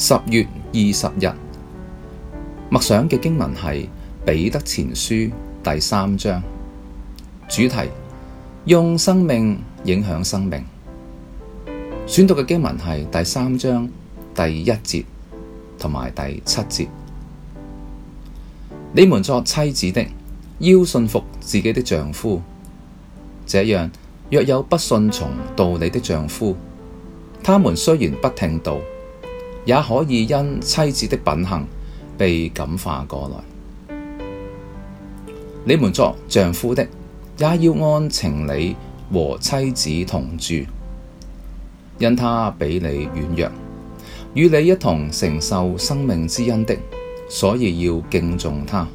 十月二十日默想嘅經文係彼得前書第三章，主題，用生命影響生命。選讀嘅經文係第三章第一節同埋第七節。你們作妻子的，要順服自己的丈夫，這樣，若有不信從道理的丈夫，他們雖然不聽道。也可以因妻子的品行被感化過來。你們作丈夫的，也要按情理和妻子同住，因她比你軟弱，與你一同承受生命之恩的，所以要敬重她。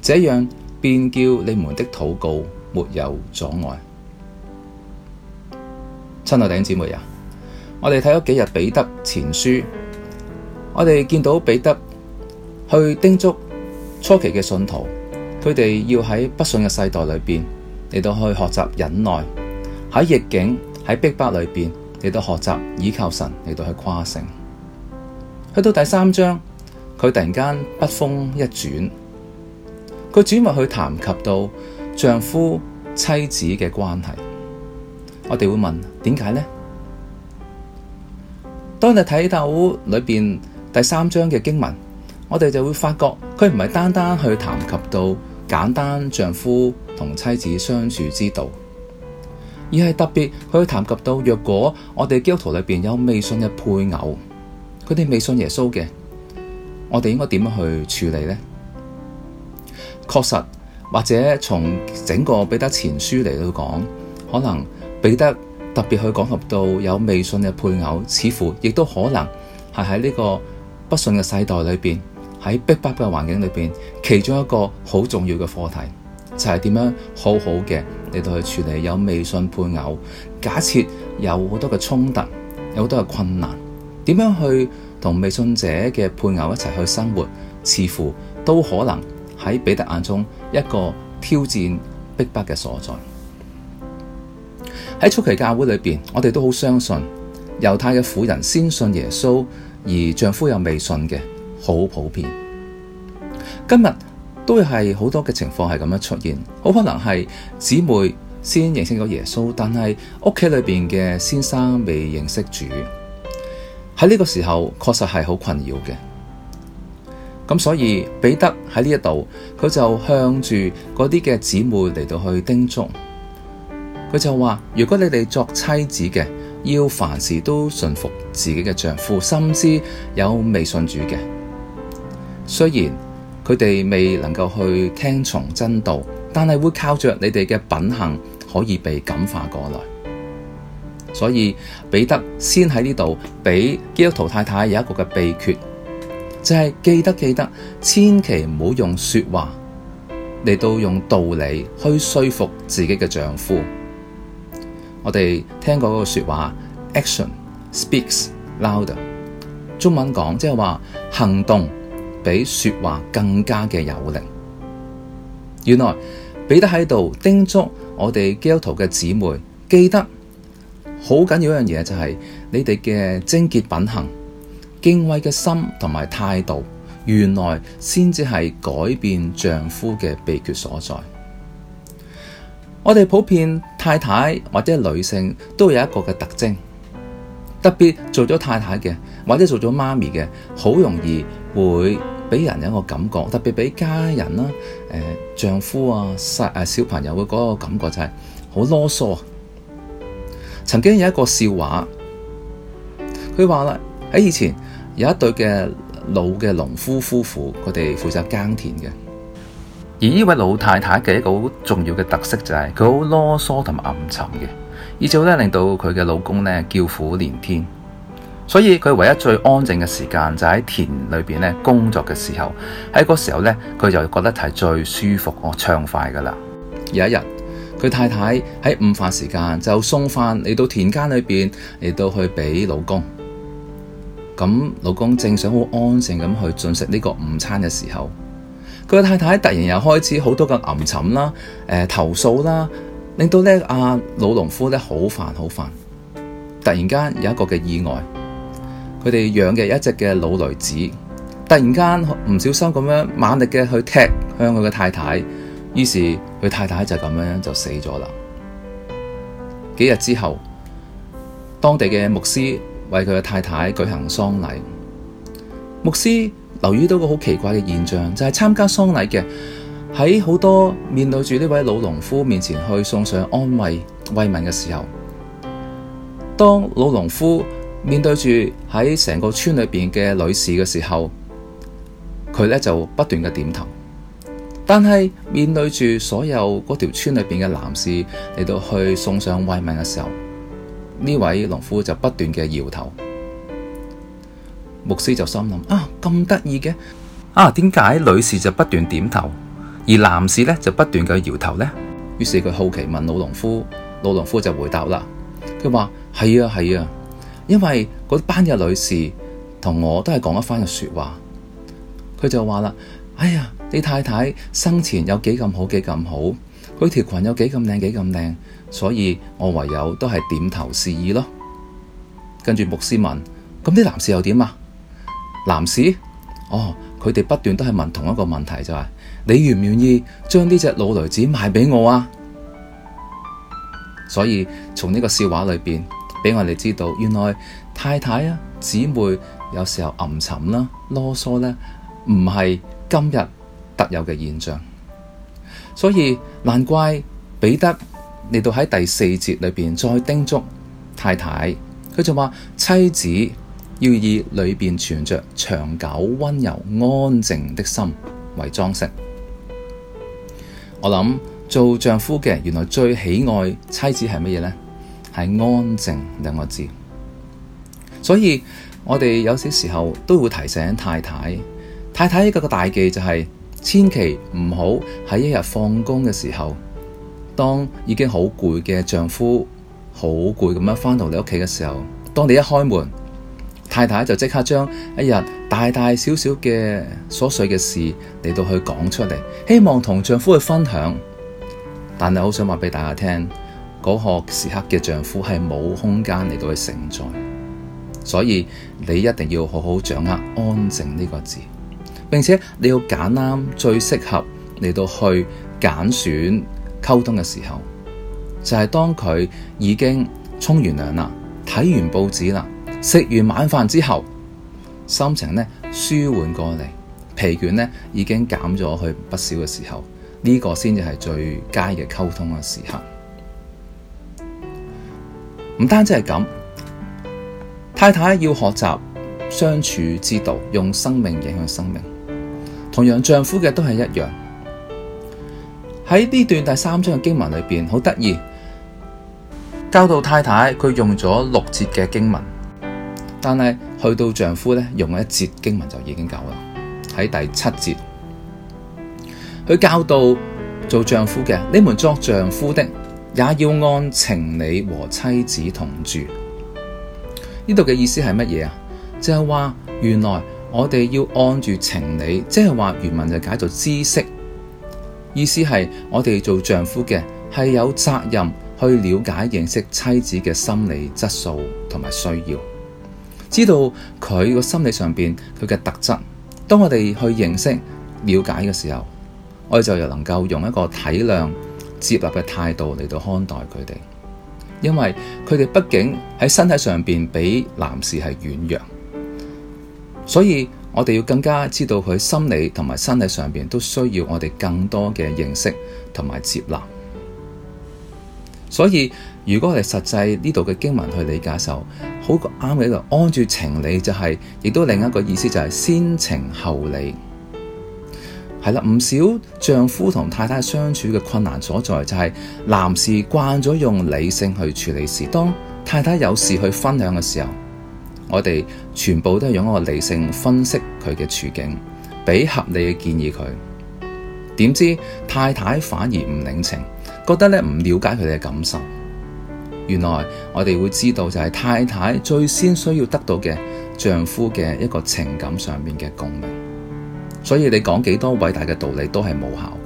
這樣便叫你們的禱告沒有阻礙。親愛嘅姊妹啊，我哋睇咗幾日彼得前書。我哋見到彼得去叮囑初期嘅信徒，佢哋要喺不信嘅世代裏邊嚟，到去學習忍耐，喺逆境喺逼迫裏邊嚟到學習倚靠神嚟到去跨城。去到第三章，佢突然間筆鋒一轉，佢轉為，去談及到丈夫妻子嘅關係。我哋會問點解呢？當你睇到裏邊。第三章嘅經文，我哋就會發覺佢唔係單單去談及到簡單丈夫同妻子相處之道，而係特別去談及到，若果我哋基督徒裏邊有未信嘅配偶，佢哋未信耶穌嘅，我哋應該點樣去處理呢？確實，或者從整個彼得前書嚟到講，可能彼得特別去講及到有未信嘅配偶，似乎亦都可能係喺呢個。不信嘅世代裏邊，喺逼迫嘅環境裏邊，其中一個好重要嘅課題就係、是、點樣好好嘅嚟到去處理有未信配偶，假設有好多嘅衝突，有好多嘅困難，點樣去同未信者嘅配偶一齊去生活，似乎都可能喺彼得眼中一個挑戰逼迫嘅所在。喺初期教會裏邊，我哋都好相信猶太嘅婦人先信耶穌。而丈夫又未信嘅，好普遍。今日都係好多嘅情況係咁樣出現，好可能係姊妹先認識咗耶穌，但係屋企裏邊嘅先生未認識主。喺呢個時候，確實係好困擾嘅。咁所以彼得喺呢一度，佢就向住嗰啲嘅姊妹嚟到去叮囑，佢就話：如果你哋作妻子嘅。要凡事都順服自己嘅丈夫，甚至有未信主嘅。雖然佢哋未能夠去聽從真道，但係會靠着你哋嘅品行可以被感化過來。所以彼得先喺呢度俾基督徒太太有一個嘅秘訣，就係記得記得，千祈唔好用說話，嚟，到用道理去說服自己嘅丈夫。我哋聽過嗰個說話，Action speaks louder。中文講即係話行動比說話更加嘅有力。原來彼得喺度叮囑我哋基督徒嘅姊妹，記得好緊要一樣嘢，就係你哋嘅貞潔品行、敬畏嘅心同埋態度，原來先至係改變丈夫嘅秘訣所在。我哋普遍太太或者女性都有一個嘅特徵，特別做咗太太嘅或者做咗媽咪嘅，好容易會俾人一個感覺，特別俾家人啦，誒丈夫啊、細誒小朋友嗰個感覺就係好囉嗦。曾經有一個笑話，佢話啦喺以前有一對嘅老嘅農夫夫婦，佢哋負責耕田嘅。而呢位老太太嘅一個好重要嘅特色就係佢好囉嗦同埋暗沉嘅，以致乎咧令到佢嘅老公咧叫苦連天。所以佢唯一最安靜嘅時間就喺田裏邊咧工作嘅時候，喺嗰時候咧佢就覺得係最舒服和暢快噶啦。有一日，佢太太喺午飯時間就送飯嚟到田間裏邊嚟到去俾老公。咁老公正想好安靜咁去進食呢個午餐嘅時候，佢太太突然又開始好多嘅暗沉啦，誒、呃、投訴啦，令到呢阿老農夫咧好煩好煩。突然間有一個嘅意外，佢哋養嘅一隻嘅老驢子，突然間唔小心咁樣猛力嘅去踢向佢嘅太太，於是佢太太就咁樣就死咗啦。幾日之後，當地嘅牧師為佢嘅太太舉行喪禮，牧師留意到個好奇怪嘅現象，就係參加喪禮嘅喺好多面對住呢位老農夫面前去送上安慰慰問嘅時候，當老農夫面對住喺成個村裏邊嘅女士嘅時候，佢呢就不斷嘅點頭；但係面對住所有嗰條村裏邊嘅男士嚟到去送上慰問嘅時候，呢位農夫就不斷嘅搖頭。牧師就心諗啊，咁得意嘅啊，點解女士就不斷點頭，而男士呢就不斷咁搖頭呢？於是佢好奇問老農夫，老農夫就回答啦，佢話，係啊係啊，因為嗰班嘅女士同我都係講一番嘅說話，佢就話啦，哎呀，你太太生前有幾咁好幾咁好，佢條裙有幾咁靚幾咁靚，所以我唯有都係點頭示意咯。跟住牧師問咁啲男士又點啊？男士，哦，佢哋不斷都係問同一個問題，就是，就係你願唔願意將呢隻老雷子賣畀我啊？所以從呢個笑話裏邊，畀我哋知道，原來太太啊姊妹有時候暗沉啦、啊、囉嗦咧、啊，唔係今日特有嘅現象。所以難怪彼得嚟到喺第四節裏邊再叮囑太太，佢就話妻子。要以裏邊存着長久溫柔安靜的心為裝飾。我諗做丈夫嘅，原來最喜愛妻子係乜嘢呢？係安靜兩個字。所以我哋有些時候都會提醒太太，太太一個大忌就係、是，千祈唔好喺一日放工嘅時候，當已經好攰嘅丈夫好攰咁樣返到你屋企嘅時候，當你一開門。太太就即刻將一日大大小小嘅瑣碎嘅事嚟到去講出嚟，希望同丈夫去分享。但係好想話俾大家聽，嗰個時刻嘅丈夫係冇空間嚟到去承載，所以你一定要好好掌握安靜呢個字，並且你要揀啱最適合嚟到去揀選溝通嘅時候，就係當佢已經沖完涼啦、睇完報紙啦。食完晚飯之後，心情呢舒緩過嚟，疲倦呢已經減咗去不少嘅時候，呢、這個先至係最佳嘅溝通嘅時刻。唔 單止係咁，太太要學習相處之道，用生命影響生命。同樣丈夫嘅都係一樣。喺呢段第三章嘅經文裏邊，好得意教導太太，佢用咗六節嘅經文。但係去到丈夫咧，用一節經文就已經夠啦。喺第七節，佢教導做丈夫嘅你們作丈夫的也要按情理和妻子同住。呢度嘅意思係乜嘢啊？即係話原來我哋要按住情理，即係話原文就解做知識，意思係我哋做丈夫嘅係有責任去了解認識妻子嘅心理質素同埋需要。知道佢個心理上邊佢嘅特質，當我哋去認識了解嘅時候，我哋就又能夠用一個體諒接納嘅態度嚟到看待佢哋，因為佢哋畢竟喺身體上邊比男士係軟弱，所以我哋要更加知道佢心理同埋身體上邊都需要我哋更多嘅認識同埋接納。所以，如果我哋實際呢度嘅經文去理解嘅時候，好啱喺度安住情理就係、是，亦都另一個意思就係先情後理。係啦，唔少丈夫同太太相處嘅困難所在就係，男士慣咗用理性去處理事，當太太有事去分享嘅時候，我哋全部都係用一個理性分析佢嘅處境，俾合理嘅建議佢。點知太太反而唔領情。覺得咧唔了解佢哋嘅感受，原來我哋會知道就係太太最先需要得到嘅丈夫嘅一個情感上面嘅共鳴，所以你講幾多偉大嘅道理都係無效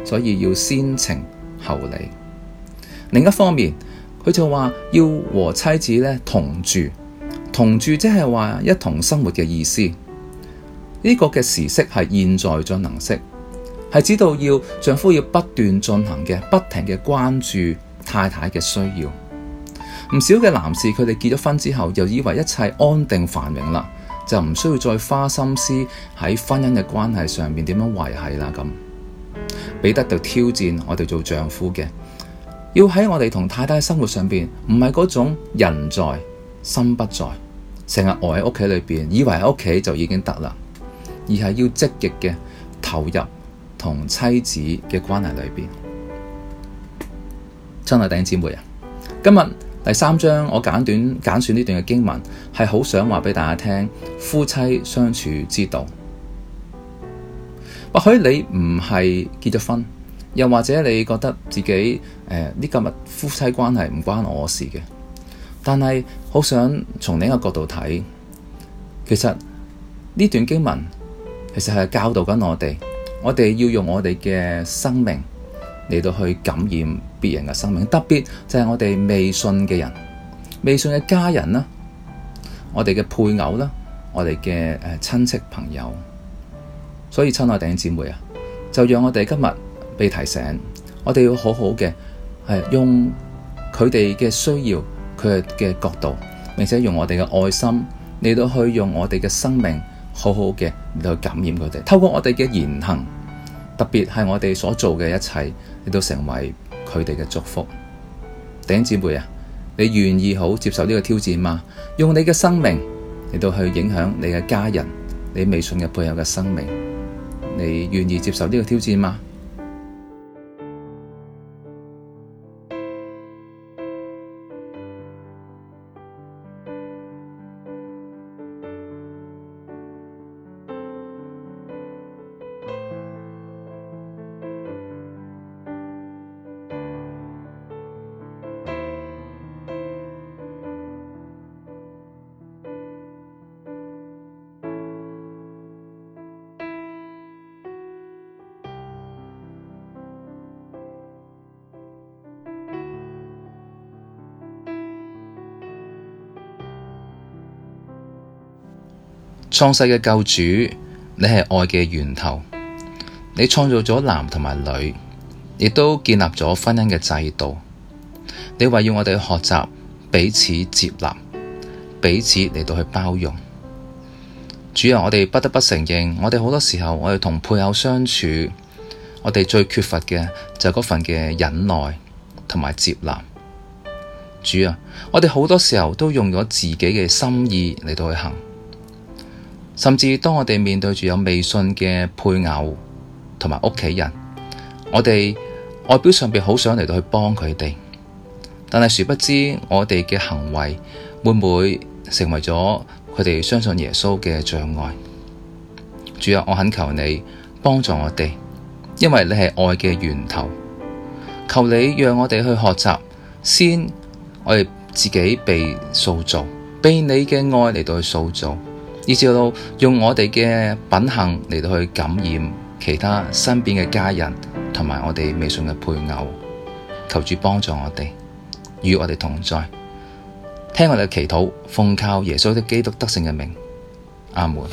嘅，所以要先情後理。另一方面，佢就話要和妻子咧同住，同住即係話一同生活嘅意思，呢、這個嘅時式係現在進行式。係知道要丈夫要不斷進行嘅，不停嘅關注太太嘅需要。唔少嘅男士佢哋結咗婚之後，又以為一切安定繁榮啦，就唔需要再花心思喺婚姻嘅關係上邊點樣維繫啦咁。彼得就挑戰我哋做丈夫嘅，要喺我哋同太太生活上邊，唔係嗰種人在心不在，成日呆喺屋企裏邊，以為喺屋企就已經得啦，而係要積極嘅投入。同妻子嘅關係裏邊，親愛弟兄姊妹啊，今日第三章我簡短簡選呢段嘅經文，係好想話俾大家聽夫妻相處之道。或許你唔係結咗婚，又或者你覺得自己誒呢、呃、今日夫妻關係唔關我事嘅，但係好想從另一個角度睇，其實呢段經文其實係教導緊我哋。我哋要用我哋嘅生命嚟到去感染別人嘅生命，特別就係我哋未信嘅人、未信嘅家人啦、我哋嘅配偶啦、我哋嘅誒親戚朋友。所以親愛弟兄姊妹啊，就讓我哋今日被提醒，我哋要好好嘅係用佢哋嘅需要、佢哋嘅角度，並且用我哋嘅愛心嚟到去用我哋嘅生命。好好嘅嚟到感染佢哋，透過我哋嘅言行，特別係我哋所做嘅一切，嚟到成為佢哋嘅祝福。頂姊妹啊，你願意好接受呢個挑戰嗎？用你嘅生命嚟到去影響你嘅家人，你未信嘅配偶嘅生命，你願意接受呢個挑戰嗎？創世嘅救主，你係愛嘅源頭，你創造咗男同埋女，亦都建立咗婚姻嘅制度。你話要我哋學習彼此接納，彼此嚟到去包容。主啊，我哋不得不承認，我哋好多時候我哋同配偶相處，我哋最缺乏嘅就係嗰份嘅忍耐同埋接納。主啊，我哋好多時候都用咗自己嘅心意嚟到去行。甚至當我哋面對住有未信嘅配偶同埋屋企人，我哋外表上面好想嚟到去幫佢哋，但係殊不知我哋嘅行為會唔會成為咗佢哋相信耶穌嘅障礙？主啊，我懇求你幫助我哋，因為你係愛嘅源頭，求你讓我哋去學習，先我哋自己被塑造，被你嘅愛嚟到去塑造。以至到用我哋嘅品行嚟到去感染其他身邊嘅家人，同埋我哋未信嘅配偶，求主幫助我哋，與我哋同在，聽我哋祈禱，奉靠耶穌的基督得勝嘅名，阿門。